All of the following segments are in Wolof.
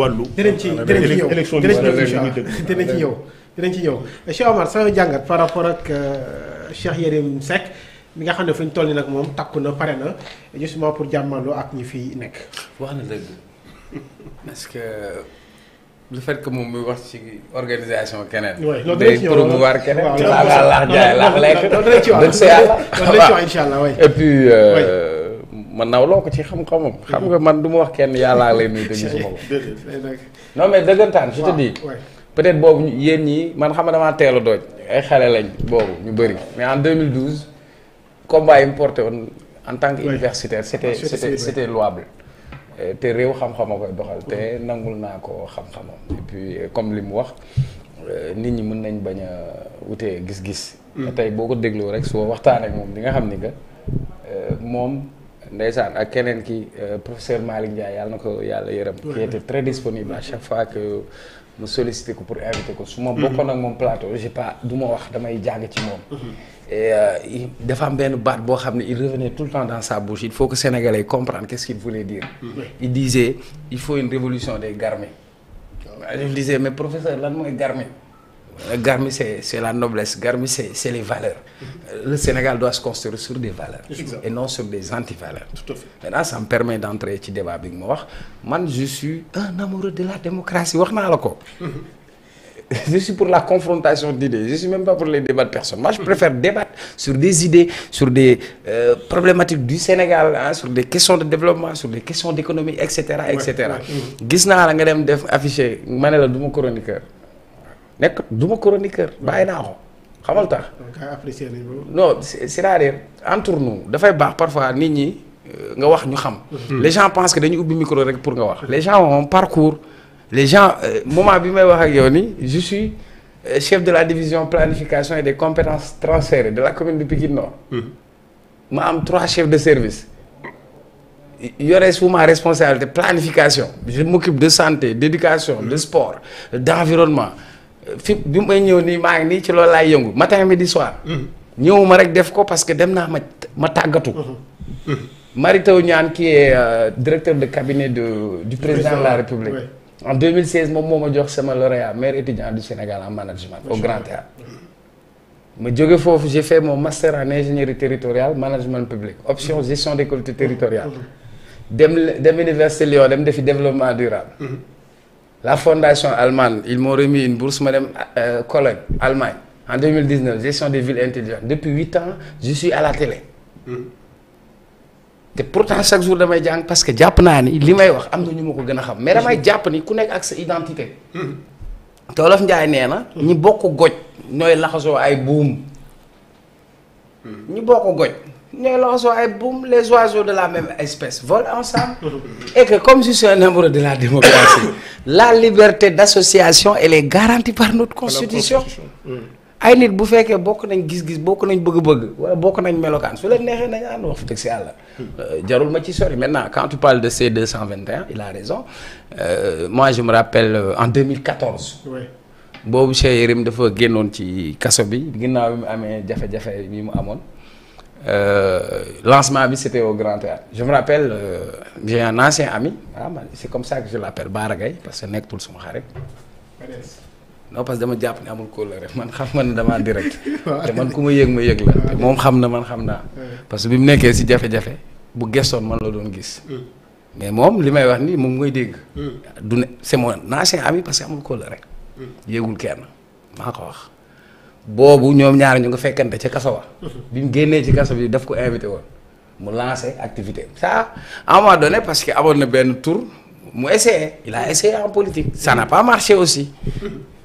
wàllu dinañ ci dinañ ci ñëw dinañ ci ñëw dinañ ci ñëw Cheikh Omar sama jàngat par rapport ak euh, Cheikh Yérim Seck mi nga xam ne fu ñu toll nii nag moom takku na pare na justement pour jàmmaloo ak ñi fi nekk. wax na dëgg parce que le fait que moom muy wax ci organisation keneen. waay loolu dinañ ci ñëw promouvoir keneen. waaw loolu dinañ ci ñëw laax jaay laax lekk. loolu dinañ ci wax loolu dinañ ci wax incha allah waay et puis. Euh, man nawloo ko ci xam xam nga man du ma wax kenn yàllaa lay nuyu te gisuma ko. non mais dëggantaan. je te dis peut-être boobu yéen ñi man xam nga damaa teel a dooj ay xale lañ boobu ñu bëri mais en 2012 combat yi mu porté woon en tant que universitaire c'était c'était c'était louable. te réew xam-xama koy doxal te nangul naa ko xam-xamam et euh, comme li mu wax euh, nit ñi mën nañ bañ a wutee gis-gis. Mm. tey boo ko dégloo rek soo waxtaan ak moom di nga xam ni que euh, moom. ndeysaan ak keneen ki euh, professeur Malick Ndiaye yàlla na ko yàlla yërëm. qui était très disponible à chaque fois que mu sollicité ko pour inviter ko. su ma mm-hmm. bokkoon ak moom plateau j'ai pas ma wax damay jàng ci moom. Mm-hmm. et euh, dafa am benn baat boo xam ne il revenait tout le temps dans sa bouche il faut que sénégalais comprendre qu'est-ce qu'il voulait dire. Mm-hmm. il disait il faut une révolution des garme waaw oh. je disais mais professeur lan mooy garmi. Garmi c'est c'est la noblesse Garmi c'est les valeurs mhm. le Sénégal doit se construire sur des valeurs et non sur des antivaleurs tout à fait maintenant ça me permet d'entrer ci débat bi ma wax man je suis un amoureux de la démocratie wax naa la ko mhm. je suis pour la confrontation d'idées je suis même pas pour les débats de personnes moi je préfère débattre sur des idées sur des euh, problématiques du Sénégal sur des questions de développement sur des questions d'économie et cetera et cetera gis naa la nga dem def affiché ma ne ma chroniqueur nekk du ma chroniqueur bàyyi naa ko xamal tax. apprécier nañ non c'est-à-dire entre dafay baax parfois nit ñi euh, nga wax ñu xam. Mhm. les gens pensent que dañu ubbi micro rek pour nga wax. Mhm. les gens ont les gens euh, moment bi may wax ak yow ni je euh, chef de la division planification et des compétences transférées de la commune de Pikine Nord. Mhm. ma am trois chef de service. yore sous ma responsabilité planification je m'occupe de santé d'éducation de sport d'environnement fi bi may ñëw nii maa ngi nii ci loolu laay yëngu matin midi soir. Mm-hmm. ma rek def ko parce que dem naa ma ma tàggatu. Mm-hmm. Mm-hmm. Mary Teuw Niane qui est euh, directeur de cabinet de du président de la République. en 2016 moom moo ma jox sama lauréat maire étudiant du Sénégal en management au Grand Théâtre ma jóge foofu j'ai fait mon master en ingénierie territoriale management public option gestion des collectivités territoriales dem dem université Lyon dem defi développement durable la fondation allemande ils m'ont remis une bourse madame euh, Cologne Allemagne en 2019 gestion des villes intelligentes depuis huit ans je suis à la télé. Mm-hmm. te pourtant chaque jour damay jàng parce que jàpp naa ni li may wax am na ñu ma ko gën a xam. mais damay jàpp ni ku nekk ak sa identité. Mm-hmm. te Njaay nee na. ñi bokk goj ñooy laxasoo ay buum. Mm-hmm. ñi bokk goj. ñooy lancer ay boum les oiseaux de la même espèce vol ensemble. et que comme je suis un amoureux de la démocratie la liberté d'association elle est garantie par notre constitution. Hmm. ay nit bu fekkee bokk nañ gis-gis bokk nañ bëgg-bëgg wala bokk nañ melokaan su leen neexee nañ ànd wax dëgg si yàlla. Euh, jarul ma ci sori maintenant quand tu parles de C221 il a raison euh, moi je me rappelle euh, en 2014. oui boobu Cheikh dafa génnoon ci kaso bi ginnaaw bi mu amee jafe-jafe mu amoon. Euh, lancement bi c'était au Grand Théâtre je me rappelle euh, j'ai ami ah man c'est comme ça que je l'appelle Bara parce que nekkatul suma xarit non parce que dama jàpp ne amul kóllëre man xam nga ne damaa direct man ku ma yëg ma yëg moom xam na man xam naa parce que bi mu nekkee si jafe-jafe bu gestoon man la doon gis mm. mais moom li may wax ni moom ngay dégg mm. du ne c'est mon ancien ami parce que amul kóllëre mm. yëgul kenn maa ko wax boobu ñoom ñaar ñu nga fekkante ci kaso wa bi mu génnee ci kaso bi daf ko invité woon mu lancé activité ça à un parce que amoon na benn tour mu essayé il a essayé en politique ça n'a pas marché aussi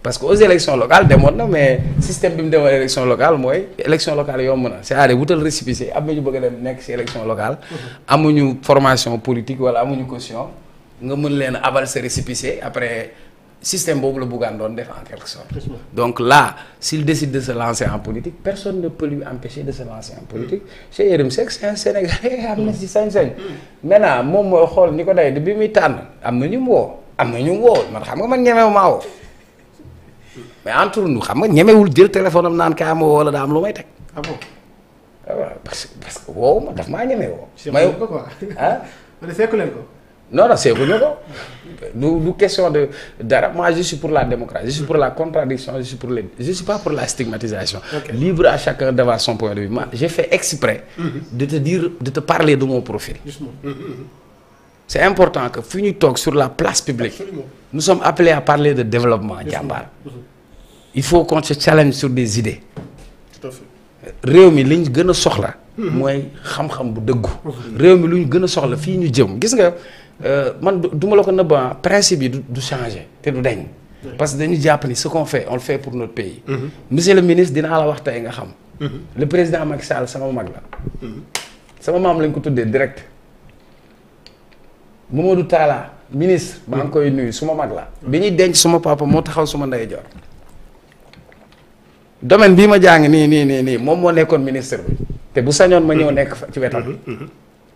parce que aux élections locales demoon na mais système bi mu demoon élection locale mooy élection locale yomb na c'est-à-dire wutal récépissé am nañu bëgg dem nekk ci élection locale amuñu formation politique wala amuñu caution nga mën leen abal sa récépissé système boobu la Bougane doon def en quelque sorte. donc là s'il décide de se lancer en politique personne ne peut lui empêcher de lancer en politique. Mm. Cheikh Yérim Seck c'est un Sénégalais am na si sañ-sañ. Mm. maintenant moom mooy xool ni ko day bi muy tànn am na ñu mu woo am na ñu mu woo man xam nga man ñemewu ma woo mais entre nous xam nga ñemewul jël téléphone am naan kaa ma woo la daa am lu may teg. ah bon ah parce que parce que woowu ma daf maa ñeme woo. may ko non non seeguñu ko du du question de dara moi je pour la démocratie je pour la contradiction je suis pour les je suis pas pour la stigmatisation libre à chacun d'avoir son point de vue moi j'ai fait exprès mm-hmm. de te dire de te parler de mon profil mm-hmm. c'est important que fu ñu toog sur la place publique Absolument. nous sommes appelés à parler de développement jàmbaar il faut qu'on se challenge sur des idées réew mi liñ gën a soxla mooy xam-xam bu dëggu. réew mi lu ñu gën a soxla fii ñu jëm gis nga euh, man du ma la ko nëbba principe yi du changer te du dañ. parce que dañu jàpp ni ce qu'on fait on fait pour notre pays. Mhm. monsieur le ministre dinaa la wax tey nga xam. Mhm. le président mag Sall sama mag la. Mhm. sama maam lañ ko tuddee direct. Mamadou Talla ministre. maa ngi koy nuyu suma mag la. bi ñuy denc suma papa moo taxaw suma ndeyjoor. domaine bii ma jàngi nii nii nii nii moom moo nekkoon ministre bi. te bu sañoon ma ñëw mm-hmm. nekk ci wetam. Mm-hmm. Mm-hmm.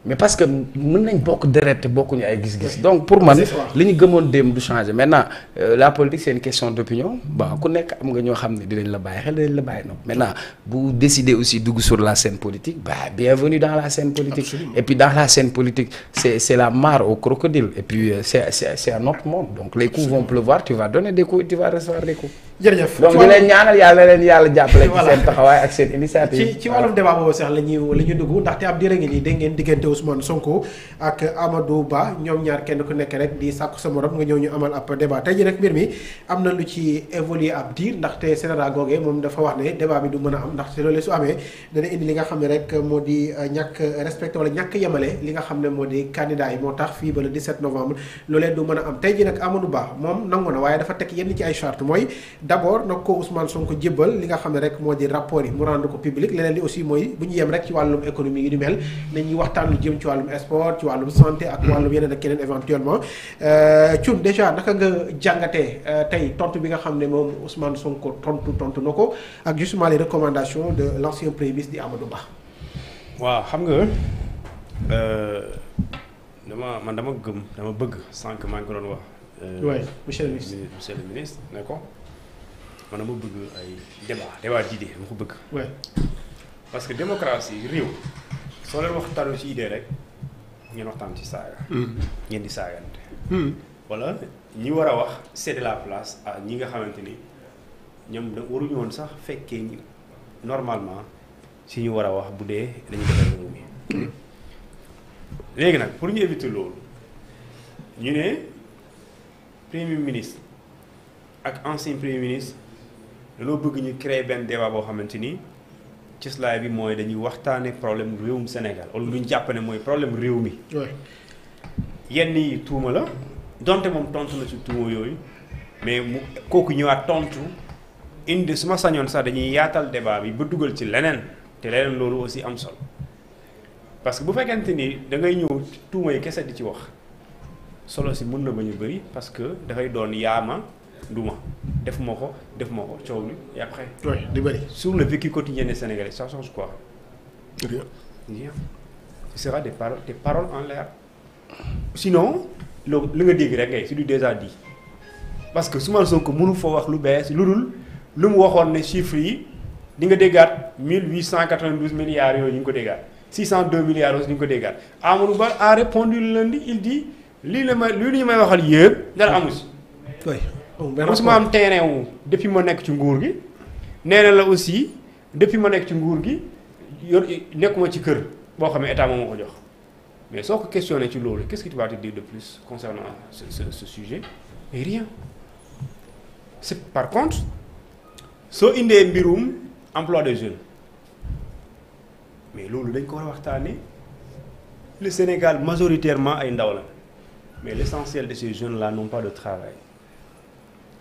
mais parce que mën nañ bokk deret te bokkuñu ay gis-gis. donc pour man li ñu gëmoon démb du changer maintenant euh, la politique c'est question d'opinion bon ku nekk am nga ñoo xam ne dinañ la bàyyi xel dinañ la bàyyi noonu. maintenant bu décider aussi dugg sur la scène politique bah bienvenue dans la scène politique. Absolument. dans la scène politique c'est c'est la mare au crocodile et euh, c'est c'est c'est un monde donc les coups vont pleuvoir jërëjëf donc di leen ñaanal yàlla jàppale ci seen taxawaay ak seen initiative ci ci wàllum débat boobu sax la ndaxte ab diire ngi nii dégg diggante Ousmane Sonko ak Amadou Ba ñoom ñaar kenn ku nekk rek di sàkku sa morom nga ñëw ñu amal ab débat tey ji nag mbir mi am na lu ci évoluer ab diir ndaxte sénéral googee moom dafa wax ne débat bi du mën a am ndaxte loolu su amee dana indi li nga xam ne rek moo di euh, ñàkk respecté wala ñàkk yemale li nga xam ne moo di candidat yi moo tax fii ba la le 17 novembre loolee du mën a am tey ji nag Amadou Ba moom nangu na waaye dafa teg yenn ci ay charte mooy d' abord nag ko Ousmane Sonko jébbal li nga xam ne rek moo di rapport yi mu rendre ko public leneen li aussi mooy bu ñu yem rek ci wàllum économie yi di mel nañuy waxtaan lu jëm ci wàllum sport ci wàllum santé ak wàllum yeneen ak keneen éventuellement euh, Thioune déjà naka nga jàngate euh, tey tontu bi nga xam ne moom Ousmane Sonko tontu tontu na ko ak justement les recommandation de l' ancien premier ministre di Amadou Ba. waa xam nga euh, dama man dama gëm dama bëgg sànq maa ngi ko doon wax. oui monsieur le ministre monsieur le ne ko. man dama bëgg ay débat débat d'idée dama ko bëgg. parce que démocratie réew soo leen waxtaanu ci idée rek ngeen waxtaan ci saaga. Hmm. ngeen di saagante. Hmm. walla ñi war a wax céder la place à ñi nga xamante ni ñoom da waruñu sax fekkee ñu normalement si ñu war a wax bu dee dañu defar réew hmm. léegi nag pour ñu éviter loolu ñu ne premier ministre ak ancien premier ministre. dañoo bëgg ñu créer benn débat boo xamante ni cëslaay bi mooy dañuy waxtaane problème réewum Sénégal lu ñu jàpp mooy problème réew mi. yenn yi tuuma la donte moom tontu na ci tuuma yooyu mais mu kooku ñëwaat tontu indi su ma sañoon sax dañuy yaatal débat bi ba dugal ci leneen te leneen loolu aussi am solo parce que bu fekkente ni da ngay ñëw tuuma yi kese di ci wax solo si mën na ba ñu bëri parce que dafay doon yaama. duma def moo ko def moo ko coow li et après. oui sur le vécu quotidien des Sénégalais ça change quoi. rien. rien ce sera des paroles des paroles en l'air sinon loo li nga dégg rek ngay c'est du déjà dit parce que Ousmane ko mënu fa wax lu bees lu dul lu mu waxoon ne chiffres yi di nga déggaat 1892 milliards yooyu ñu ngi ko déggaat 602 milliards aussi ñu ngi ko déggaat Amadou Ba a répondu lundi il dit lii la may lii la ñu may waxal yëpp dara amu si. Oh, mosuma am terrain wu depuis ma nekk ci nguur gi nee na la aussi depuis ma nekk ci nguur gi yor nekkuma ci kër boo xam ne état moo ko jox mais soo ko questionné ci loolu qu'est-ce que de plus concernant ce ce, ce sujet rien c'est par contre soo indee mbirum emploi de jeunes mais loolu dañ ko war waxtaanee le Sénégal majoritairement ay ndaw la mais l'essentiel de ces jeunes là n'ont pas de travail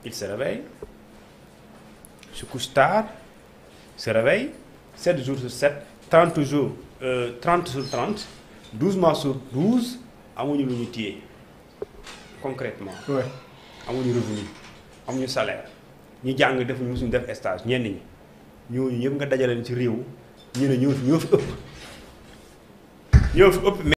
il se réveille, se couche tard, se jours sur 7, 30 jours, euh, 30 sur 30, 12 mois sur 12, amuñu lu ñu téye concrètement. oui amuñu am ñu salaire ñu jàng def ñu musuñu def stage ñenn ñi ñooñu ñëpp nga dajaleen ci réew ñu ne fi ëpp ñoo fi ëpp.